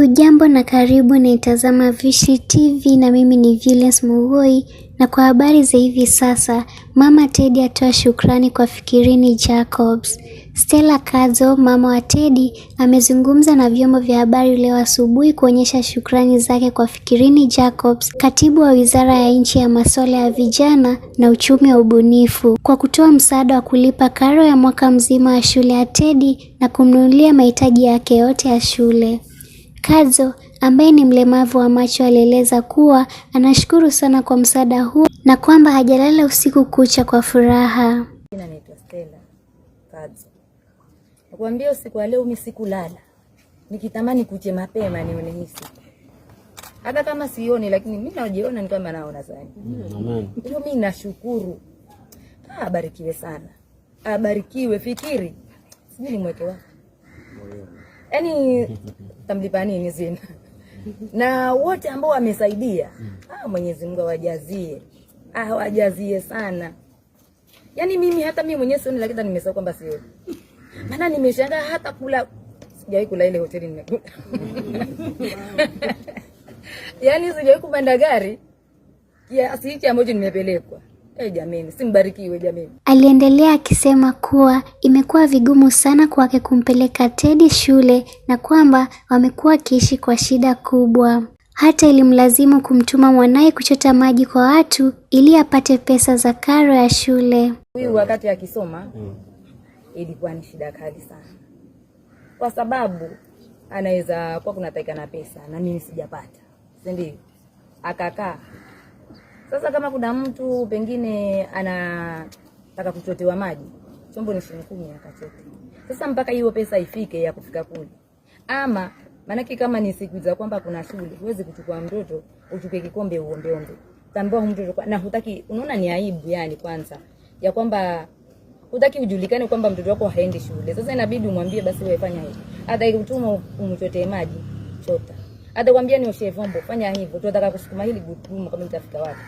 Hujambo na karibu naitazama Veushly TV na mimi ni Violence Mugoi, na kwa habari za hivi sasa, Mama Teddy atoa shukrani kwa Fikirini Jacobs. Stella Kazo, mama wa Teddy, amezungumza na vyombo vya habari leo asubuhi kuonyesha shukrani zake kwa Fikirini Jacobs, katibu wa Wizara ya Nchi ya Masuala ya Vijana na Uchumi wa Ubunifu, kwa kutoa msaada wa kulipa karo ya mwaka mzima wa shule ya Teddy na kumnunulia mahitaji yake yote ya shule. Kazo ambaye ni mlemavu wa macho alieleza kuwa anashukuru sana kwa msaada huu na kwamba hajalala usiku kucha kwa furaha. Jina naitwa Stella Kazo. Nakwambia usiku wa leo mimi sikulala. Nikitamani kuche mapema nione hisi. Hata kama sioni lakini mimi najiona ni kama naona sana. Amen. Ndio mimi nashukuru. Ah, abarikiwe sana. Abarikiwe fikiri. Sijui ni nimweke wapi yani tamlipa nini zina na wote ambao wamesaidia mm. ah, Mwenyezi Mungu awajazie awajazie sana. Yani mimi hata mimi mwenyewe sioni, lakini nimesahau kwamba sio, maana nimeshangaa hata kula sijawahi kula ile hoteli nimekula yani sijawahi kupanda gari kiasi hiki ambacho nimepelekwa Hey, eh, jameni, simbarikiwe jameni. Aliendelea akisema kuwa imekuwa vigumu sana kwake kumpeleka Tedi shule na kwamba wamekuwa wakiishi kwa shida kubwa. Hata ilimlazimu kumtuma mwanaye kuchota maji kwa watu ili apate pesa za karo ya shule. Huyu wakati akisoma ilikuwa ni shida kali sana, kwa sababu anaweza kuwa kunatakikana pesa na mimi sijapata, si ndio? Akakaa sasa kama kuna mtu pengine anataka kuchotewa maji, chombo ni shilingi kumi akachote. Sasa mpaka hiyo pesa ifike ya kufika kule, ama maanake kama ni siku za kwamba kuna shule, huwezi kuchukua mtoto uchukue kikombe uombeombe, tambua mtoto na hutaki. Unaona ni aibu yani, kwanza ya kwamba hutaki ujulikane kwamba mtoto wako haendi shule. Sasa inabidi umwambie basi, wewe fanya hivi, hata ikutuma um-, umchotee maji, chota atakwambia nioshie vyombo, fanya hivyo, tu, tunataka kusukuma hili gurudumu kama nitafika wapi.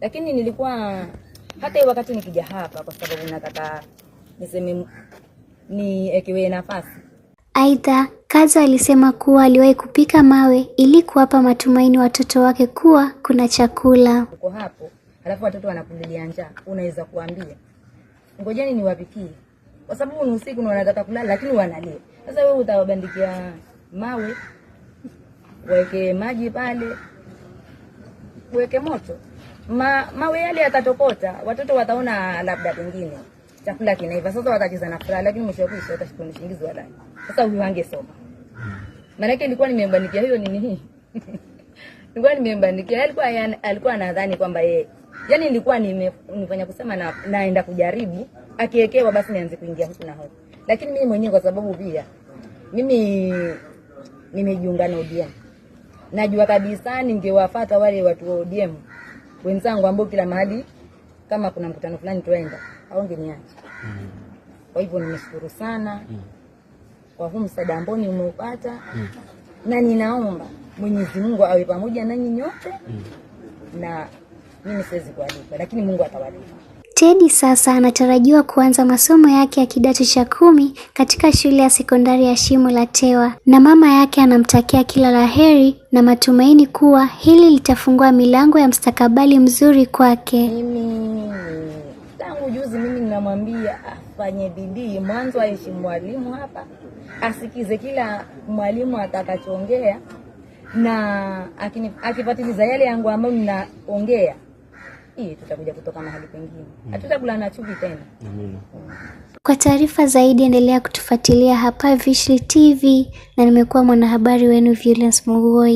Lakini nilikuwa hata wakati nikija hapa, kwa sababu nataka niseme niekewe nafasi. Aidha, Kaza alisema kuwa aliwahi kupika mawe ili kuwapa matumaini watoto wake kuwa kuna chakula. Uko hapo, alafu watoto wanakulilia njaa, unaweza kuambia ngojeni niwapikie, kwa sababu ni usiku na wanataka kulala, lakini wanalia. Sasa wewe utawabandikia mawe weke maji pale, weke moto ma, mawe yale yatatokota, watoto wataona labda pengine chakula kinaiva, sasa watacheza na furaha, lakini mwisho wake watashikwa mshingizi wala. Sasa huyu angesoma, maana yake nilikuwa nimembandikia hiyo nini hii nilikuwa nimembandikia, alikuwa alikuwa anadhani kwamba yeye yani, nilikuwa nimefanya kusema na naenda kujaribu, akiwekewa basi nianze kuingia huku na huku, lakini mimi mwenyewe kwa sababu pia mimi nimejiunga na ODM najua kabisa ningewafata wale watu wa ODM wenzangu ambao kila mahali kama kuna mkutano fulani tuenda au ngeniacha. mm. Kwa hivyo nimeshukuru sana mm. kwa huu msaada ambao nimeupata mm. na ninaomba Mwenyezi Mungu awe pamoja nanyi nyote mm. na mimi siwezi kuwalipa, lakini Mungu atawalipa. Teddy sasa anatarajiwa kuanza masomo yake ya kidato cha kumi katika shule ya sekondari ya Shimo la Tewa, na mama yake anamtakia kila la heri na matumaini kuwa hili litafungua milango ya mstakabali mzuri kwake. Mimi tangu juzi mimi ninamwambia afanye bidii, mwanzo aishi mwalimu hapa, asikize kila mwalimu atakachoongea, na akifatiliza yale yangu ambayo ninaongea hii tutakuja kutoka mahali pengine, mm. hatutakula chuki tena. Amina. Kwa taarifa zaidi endelea kutufuatilia hapa Veushly TV, na nimekuwa mwanahabari wenu Violence Mugoi.